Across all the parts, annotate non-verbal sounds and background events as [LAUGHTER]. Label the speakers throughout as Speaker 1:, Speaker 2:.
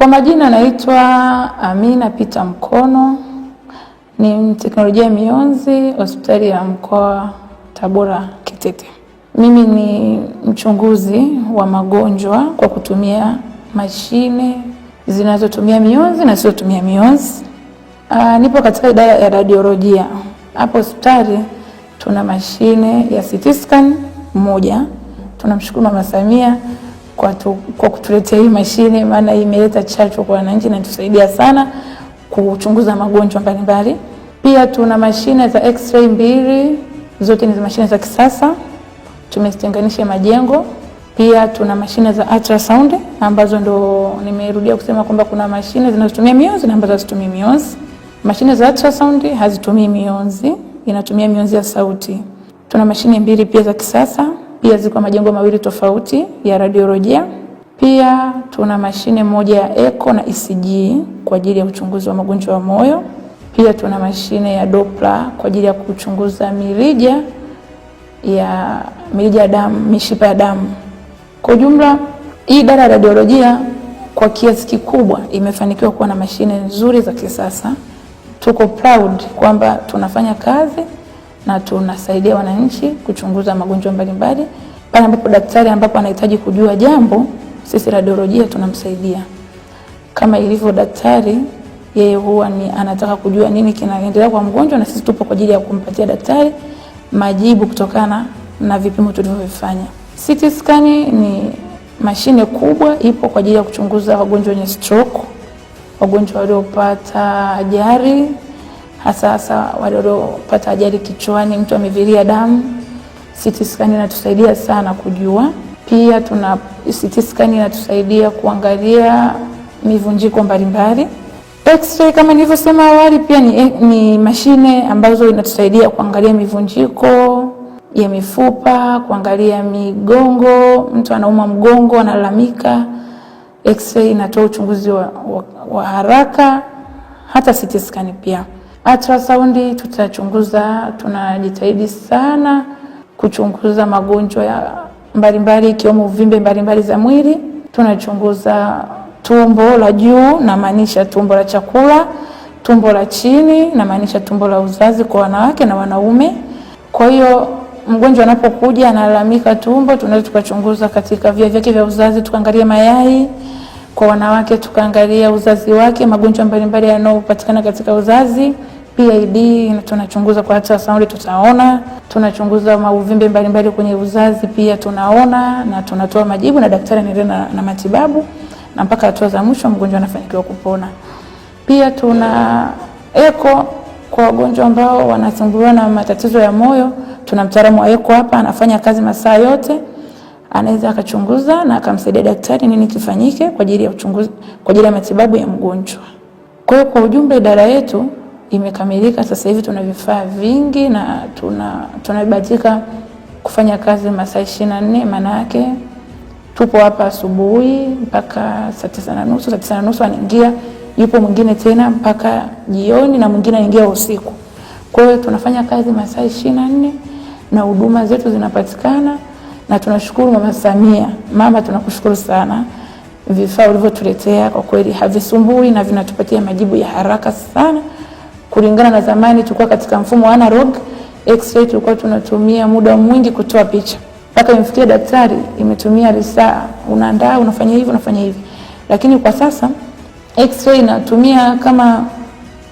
Speaker 1: Kwa majina naitwa Amina Peter Mkono, ni teknolojia mionzi hospitali ya mkoa Tabora Kitete. Mimi ni mchunguzi wa magonjwa kwa kutumia mashine zinazotumia mionzi na zisizotumia mionzi. Aa, ah, nipo katika idara ya radiolojia. Hapo hospitali tuna mashine ya CT scan moja. Tunamshukuru Mama Samia kwa, tu, kwa kutuletea hii mashine, maana imeleta chachu kwa wananchi na tusaidia sana kuchunguza magonjwa mbalimbali. Pia tuna mashine za x-ray mbili, zote ni mashine za kisasa, tumezitenganisha majengo. Pia tuna mashine za ultrasound ambazo ndo nimerudia kusema kwamba kuna mashine zinazotumia mionzi na ambazo hazitumii mionzi. Mashine za ultrasound hazitumii mionzi, inatumia mionzi ya sauti. Tuna mashine mbili pia za kisasa pia ziko majengo mawili tofauti ya radiolojia. Pia tuna mashine moja ya echo na ECG kwa ajili ya uchunguzi wa magonjwa ya moyo. Pia tuna mashine ya Doppler kwa ajili ya kuchunguza mirija ya mirija ya damu, mishipa ya damu. Kwa ujumla, hii idara ya radiolojia kwa kiasi kikubwa imefanikiwa kuwa na mashine nzuri za kisasa. Tuko proud kwamba tunafanya kazi na tunasaidia wananchi kuchunguza magonjwa mbalimbali. Pale ambapo daktari ambapo anahitaji kujua jambo, sisi radiolojia tunamsaidia. Kama ilivyo daktari, yeye huwa ni anataka kujua nini kinaendelea kwa mgonjwa, na sisi tupo kwa ajili ya kumpatia daktari majibu kutokana na vipimo tulivyovifanya. CT scan ni mashine kubwa, ipo kwa ajili ya kuchunguza wagonjwa wenye stroke, wagonjwa waliopata ajali hasa hasa wale waliopata ajali kichwani, mtu amevilia damu. CT scan inatusaidia sana kujua. Pia tuna CT scan inatusaidia kuangalia mivunjiko mbalimbali. X-ray kama nilivyosema awali pia ni, ni mashine ambazo inatusaidia kuangalia mivunjiko ya mifupa, kuangalia migongo. Mtu anauma mgongo, analalamika, X-ray inatoa uchunguzi wa, wa, wa haraka. Hata CT scan pia Ultrasound tutachunguza, tunajitahidi sana kuchunguza magonjwa ya mbalimbali ikiwemo uvimbe mbalimbali za mwili. Tunachunguza tumbo la juu, namaanisha tumbo la chakula, tumbo la chini, namaanisha tumbo la uzazi kwa wanawake na wanaume. Kwa hiyo mgonjwa anapokuja analalamika tumbo, tunaweza tukachunguza katika via vyake vya uzazi, tukaangalia mayai kwa wanawake tukaangalia uzazi wake, magonjwa mbalimbali yanayopatikana katika uzazi PID tunachunguza kwa ultrasound, tutaona. Tunachunguza mauvimbe mbalimbali kwenye uzazi pia tunaona, na tunatoa majibu na daktari anaendelea na, na matibabu na mpaka hatua za mwisho mgonjwa anafanikiwa kupona. Pia tuna eko kwa wagonjwa ambao wanasumbuliwa na matatizo ya moyo, tuna mtaalamu wa eko hapa, anafanya kazi masaa yote anaweza akachunguza na akamsaidia daktari nini kifanyike kwa ajili ya uchunguzi, kwa ajili ya matibabu ya mgonjwa. Kwa hiyo kwa ujumla idara yetu imekamilika. Sasa hivi tuna vifaa vingi na tuna tunabahatika kufanya kazi masaa ishirini na nne, maana yake tupo hapa asubuhi mpaka saa tisa na nusu. Saa tisa na nusu anaingia, yupo mwingine tena mpaka jioni na mwingine anaingia usiku. Kwa hiyo tunafanya kazi masaa ishirini na nne na huduma zetu zinapatikana na tunashukuru Mama Samia. Mama, tunakushukuru sana, vifaa ulivyotuletea kwa kweli havisumbui na vinatupatia majibu ya haraka sana kulingana na zamani. Tulikuwa katika mfumo wa analog x-ray, tulikuwa tunatumia muda mwingi kutoa picha mpaka imfikie daktari, imetumia risaa, unaandaa, unafanya hivi, unafanya hivi, lakini kwa sasa x-ray inatumia kama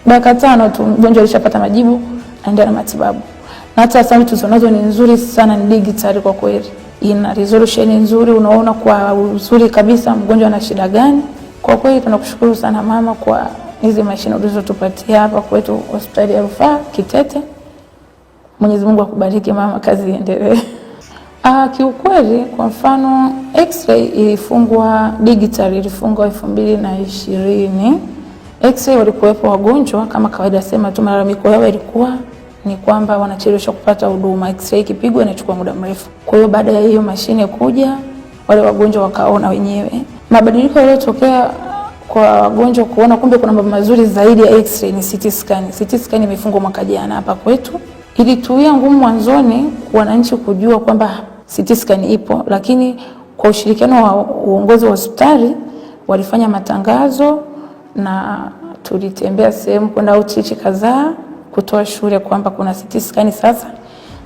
Speaker 1: dakika tano tu mgonjwa alishapata majibu, aendelea na matibabu. Na hata sampuli tulizonazo ni nzuri sana, ni digitali kwa kweli ina resolution nzuri, unaona kwa uzuri kabisa mgonjwa ana shida gani. Kwa kweli tunakushukuru sana mama kwa hizi mashine ulizotupatia hapa kwetu hospitali ya rufaa Kitete. Mwenyezi Mungu akubariki mama, kazi iendelee. [LAUGHS] Ah, kiukweli kwa mfano x-ray ilifungwa digital ilifungwa elfu mbili na ishirini. X-ray walikuwepo wagonjwa kama kawaida, sema tu malalamiko yao ilikuwa ni kwamba wanachelewesha kupata huduma. X-ray ikipigwa inachukua muda mrefu. Kwa hiyo baada ya hiyo mashine kuja, wale wagonjwa wakaona wenyewe mabadiliko yaliyotokea kwa wagonjwa kuona kumbe kuna mambo mazuri zaidi ya X-ray ni CT scan. CT scan imefungwa mwaka jana hapa kwetu, ilituia ngumu mwanzoni wananchi kujua kwamba CT scan ipo, lakini kwa ushirikiano wa uongozi wa hospitali walifanya matangazo na tulitembea sehemu kwenda uchichi kadhaa kutoa shule kwamba kuna CT scan sasa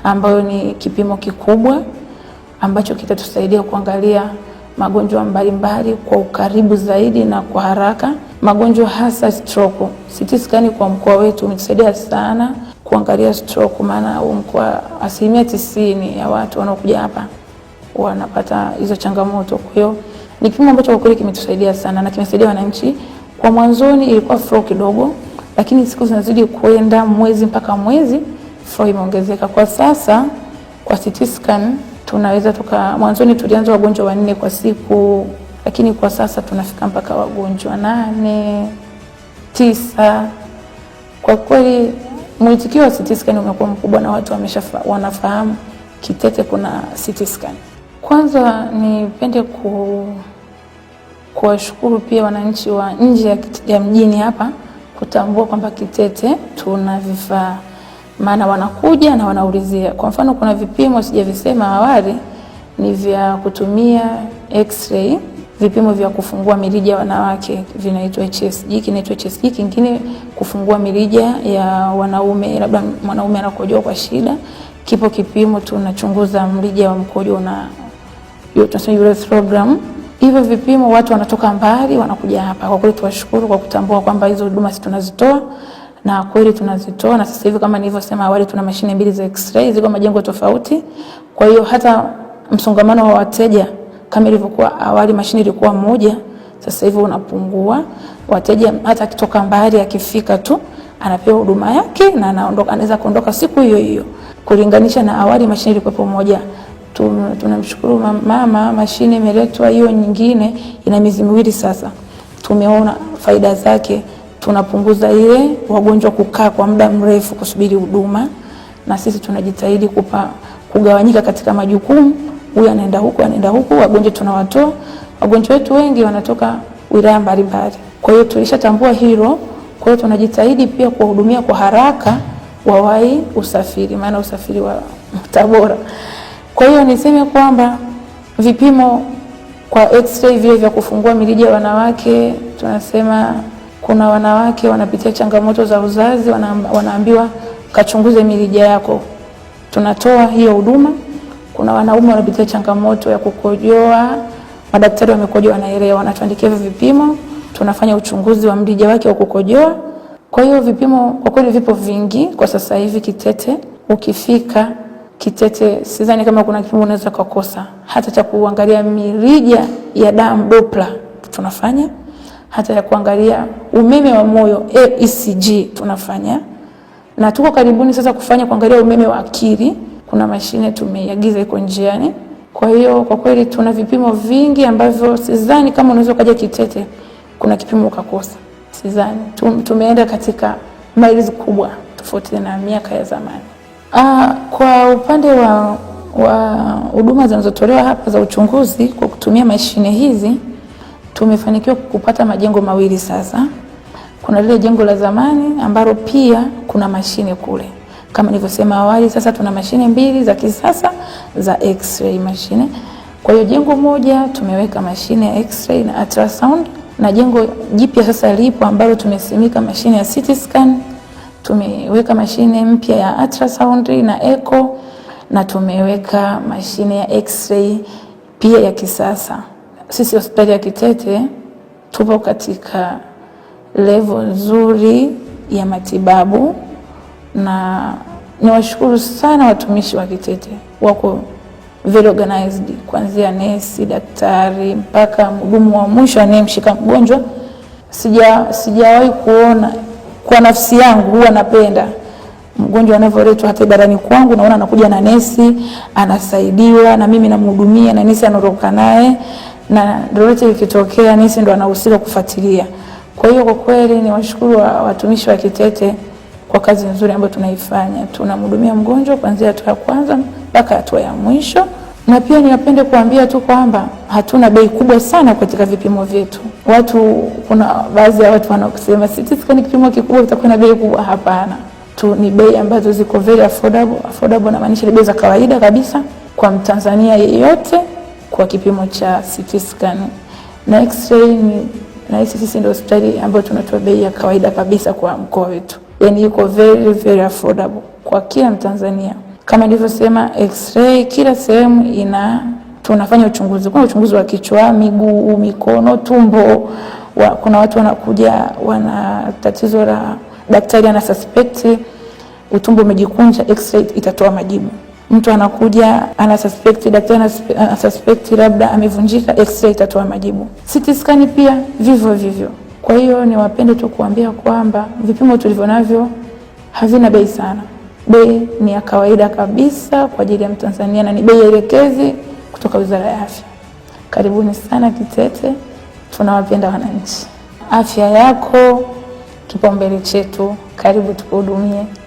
Speaker 1: ambayo ni kipimo kikubwa ambacho kitatusaidia kuangalia magonjwa mbalimbali kwa ukaribu zaidi na kwa haraka, magonjwa hasa stroke. CT scan kwa mkoa wetu umetusaidia sana kuangalia stroke, maana huu mkoa asilimia tisini ya watu wanaokuja hapa wanapata hizo changamoto. Kwa hiyo ni kipimo ambacho kwa kweli kimetusaidia sana na kimesaidia wananchi. Kwa mwanzoni ilikuwa flow kidogo lakini siku zinazidi kuenda mwezi mpaka mwezi flow imeongezeka. Kwa sasa kwa CT scan tunaweza tuka, mwanzoni tulianza wagonjwa wanne kwa siku, lakini kwa sasa tunafika mpaka wagonjwa nane tisa. Kwa kweli mwitikio wa CT scan umekuwa mkubwa na watu wamesha wanafahamu Kitete kuna CT scan. Kwanza nipende ku kuwashukuru pia wananchi wa nje ya mjini hapa kutambua kwamba Kitete tuna vifaa, maana wanakuja na wanaulizia. Kwa mfano, kuna vipimo sijavisema awali, ni vya kutumia x-ray, vipimo vya kufungua mirija ya wanawake vinaitwa HSG, kinaitwa HSG, kingine kufungua mirija ya wanaume, labda mwanaume anakojoa kwa shida. Kipo kipimo tunachunguza mrija wa mkojo una tunasema urethrogram hivyo vipimo, watu wanatoka mbali wanakuja hapa. Kwa kweli tuwashukuru kwa kutambua kwamba hizo huduma sisi tunazitoa na kweli tunazitoa, na sasa hivi kama nilivyosema awali, tuna mashine mbili za x-ray ziko majengo tofauti. Kwa hiyo hata msongamano wa wateja kama ilivyokuwa awali, mashine ilikuwa moja, sasa hivi unapungua. Wateja hata akitoka mbali, akifika tu anapewa huduma yake na anaondoka, anaweza kuondoka siku hiyo hiyo, kulinganisha na awali mashine ilikuwa moja. Tunamshukuru mama, mashine imeletwa hiyo nyingine, ina miezi miwili sasa, tumeona faida zake. Tunapunguza ile wagonjwa kukaa kwa muda mrefu kusubiri huduma, na sisi tunajitahidi kupa kugawanyika katika majukumu, huyu anaenda huku, anaenda huku. Wagonjwa tunawatoa wagonjwa wetu, wengi wanatoka wilaya mbalimbali, kwa hiyo tulishatambua hilo. Kwa hiyo tunajitahidi pia kuwahudumia kwa haraka, wawahi usafiri, maana usafiri wa Tabora kwa hiyo niseme kwamba vipimo kwa x-ray vile vya kufungua mirija ya wanawake, tunasema kuna wanawake wanapitia changamoto za uzazi, wanaambiwa kachunguze mirija yako, tunatoa hiyo huduma. Kuna wanaume wanapitia changamoto ya kukojoa, madaktari wamekojoa, wanaelewa, wanatuandikia hivyo vipimo, tunafanya uchunguzi wa mrija wake wa kukojoa. Kwa hiyo vipimo kwa kweli vipo vingi kwa sasa hivi Kitete ukifika kitete, sidhani kama kuna kipimo unaweza kukosa, hata cha kuangalia mirija ya damu dopla tunafanya, hata ya kuangalia umeme wa moyo ECG tunafanya, na tuko karibuni sasa kufanya kuangalia umeme wa akili. Kuna mashine tumeiagiza iko njiani. Kwa hiyo kwa kweli tuna vipimo vingi ambavyo sidhani kama unaweza ukaja Kitete kuna kipimo ukakosa, sidhani. Tumeenda katika miles kubwa tofauti na miaka ya zamani. Aa, ah, kwa upande wa wa huduma zinazotolewa hapa za uchunguzi kwa kutumia mashine hizi tumefanikiwa kupata majengo mawili sasa. Kuna lile jengo la zamani ambalo pia kuna mashine kule, kama nilivyosema awali. Sasa tuna mashine mbili za kisasa za x-ray mashine. Kwa hiyo jengo moja tumeweka mashine ya x-ray na ultrasound, na jengo jipya sasa lipo ambalo tumesimika mashine ya CT scan Tumeweka mashine mpya ya ultrasound na echo na tumeweka mashine ya x-ray pia ya kisasa. Sisi hospitali ya Kitete tupo katika level nzuri ya matibabu na niwashukuru sana watumishi wa Kitete, wako very organized, kuanzia nesi, daktari mpaka mhudumu wa mwisho anayemshika mgonjwa. Sija sijawahi kuona kwa nafsi yangu huwa napenda mgonjwa anavyoletwa hata barani kwangu, naona anakuja na nesi anasaidiwa, na mimi namhudumia na nesi anaondoka naye, na lolote likitokea nesi ndo anahusika kufuatilia. Kwa hiyo kwa kweli ni washukuru wa watumishi wa Kitete kwa kazi nzuri ambayo tunaifanya. Tunamhudumia mgonjwa kuanzia hatua ya kwanza mpaka hatua ya mwisho na pia ninapenda kuambia tu kwamba hatuna bei kubwa sana katika vipimo vyetu. Watu, kuna baadhi ya watu wanakusema CT scan ni kipimo kikubwa, kitakuwa na bei kubwa. Hapana, tu ni bei ambazo ziko very affordable. Affordable namaanisha ni bei za kawaida kabisa kwa mtanzania yeyote kwa kipimo cha CT scan na x-ray. Ni na sisi ndio hospitali ambayo tunatoa bei ya kawaida kabisa kwa mkoa wetu, yaani iko very very affordable kwa kila Mtanzania. Kama nilivyosema, x-ray kila sehemu ina tunafanya uchunguzi. Kuna uchunguzi wa kichwa, miguu, mikono, tumbo wa, kuna watu wanakuja wana tatizo la daktari ana suspect utumbo umejikunja, x-ray itatoa majibu. Mtu anakuja ana suspect, daktari ana suspect labda amevunjika, x-ray itatoa majibu. CT scan pia vivyo vivyo. Kwa hiyo niwapende tu kuambia kwamba vipimo tulivyonavyo havina bei sana bei ni ya kawaida kabisa kwa ajili ya Mtanzania na ni bei elekezi kutoka Wizara ya Afya. Karibuni sana Kitete, tunawapenda wananchi. Afya yako kipaumbele chetu, karibu tukuhudumie.